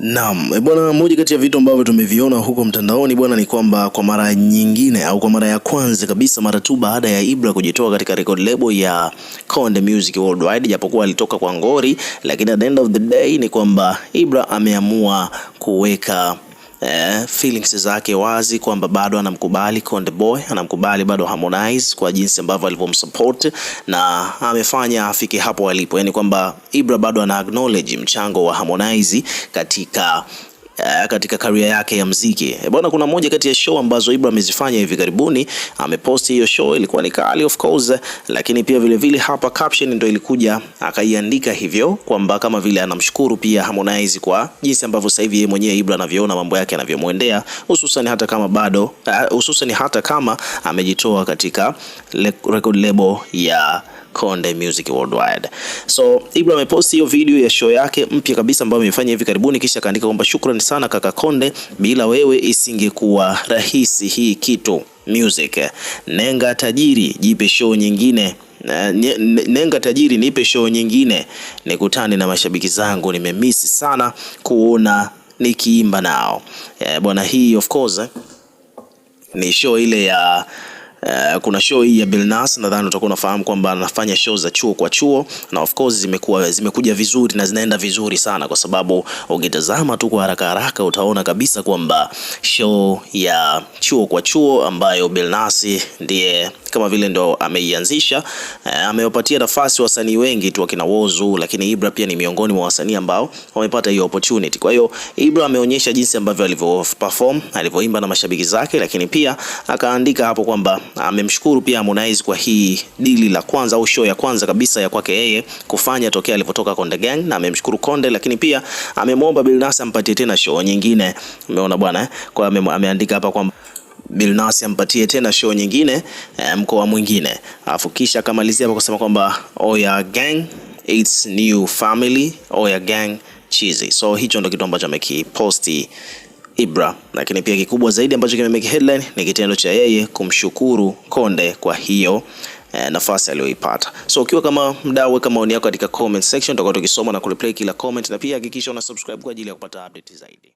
Naam, eh, bwana, moja kati ya vitu ambavyo tumeviona huko mtandaoni bwana ni kwamba kwa mara nyingine au kwa mara ya kwanza kabisa mara tu baada ya Ibra kujitoa katika record label ya Konde Music Worldwide, japokuwa alitoka kwa ngori, lakini at the end of the day ni kwamba Ibra ameamua kuweka eh, feelings zake wazi kwamba bado anamkubali Konde Boy, anamkubali bado Harmonize kwa jinsi ambavyo alivyomsupport na amefanya afike hapo alipo, yani kwamba Ibra bado ana acknowledge mchango wa Harmonize katika uh, katika karia yake ya mziki. E bwana, kuna moja kati ya show ambazo Ibra amezifanya hivi karibuni, ameposti hiyo show, ilikuwa ni kali of course, lakini pia vile vile hapa caption ndo ilikuja akaiandika hivyo kwamba kama vile anamshukuru pia Harmonize kwa jinsi ambavyo sasa hivi yeye mwenyewe Ibra anavyoona mambo yake anavyomwendea, hususan hata kama bado eh, hususan uh, hata kama amejitoa katika le record label ya Konde Music Worldwide. So Ibra ameposti hiyo video ya show yake mpya kabisa ambayo amefanya hivi karibuni, kisha akaandika kwamba shukrani sana kaka Konde, bila wewe isingekuwa rahisi hii kitu. Music nenga tajiri, jipe show nyingine nenga tajiri, nipe show nyingine, nikutane na mashabiki zangu, nimemisi sana kuona nikiimba nao. Eh, bwana hii of course ni show ile ya Eh, kuna show hii ya Billnass nadhani utakuwa unafahamu kwamba anafanya show za chuo kwa chuo, na of course zimekuwa zimekuja vizuri na zinaenda vizuri sana, kwa sababu ukitazama tu kwa haraka haraka utaona kabisa kwamba show ya chuo kwa chuo ambayo Billnass ndiye kama vile ndo ameianzisha. Eh, amewapatia nafasi wasanii wengi tu akina Wozu, lakini Ibra pia ni miongoni mwa wasanii ambao wamepata hiyo opportunity. Kwa hiyo Ibra ameonyesha jinsi ambavyo alivyo perform, alivyoimba na mashabiki zake, lakini pia akaandika hapo kwamba amemshukuru pia Harmonize kwa hii dili la kwanza au show ya kwanza kabisa ya kwake yeye kufanya tokea alipotoka Konde Gang, na amemshukuru Konde, lakini pia amemwomba Billnass ampatie tena show nyingine. Umeona bwana eh? Kwa ameandika hapa kwamba Bilnas ampatie tena show nyingine eh, mkoa mwingine, alafu kisha akamalizia kwa kusema kwamba Oya Gang it's new family, Oya Gang cheesy. So hicho ndo kitu ambacho amekiposti Ibra, lakini pia kikubwa zaidi ambacho kimemake headline ni kitendo cha yeye kumshukuru Konde kwa hiyo eh, nafasi aliyoipata. So ukiwa kama mdau, weka maoni yako katika comment section, tutakuwa tukisoma na kureplay kila comment, na pia hakikisha una subscribe kwa ajili ya kupata update zaidi.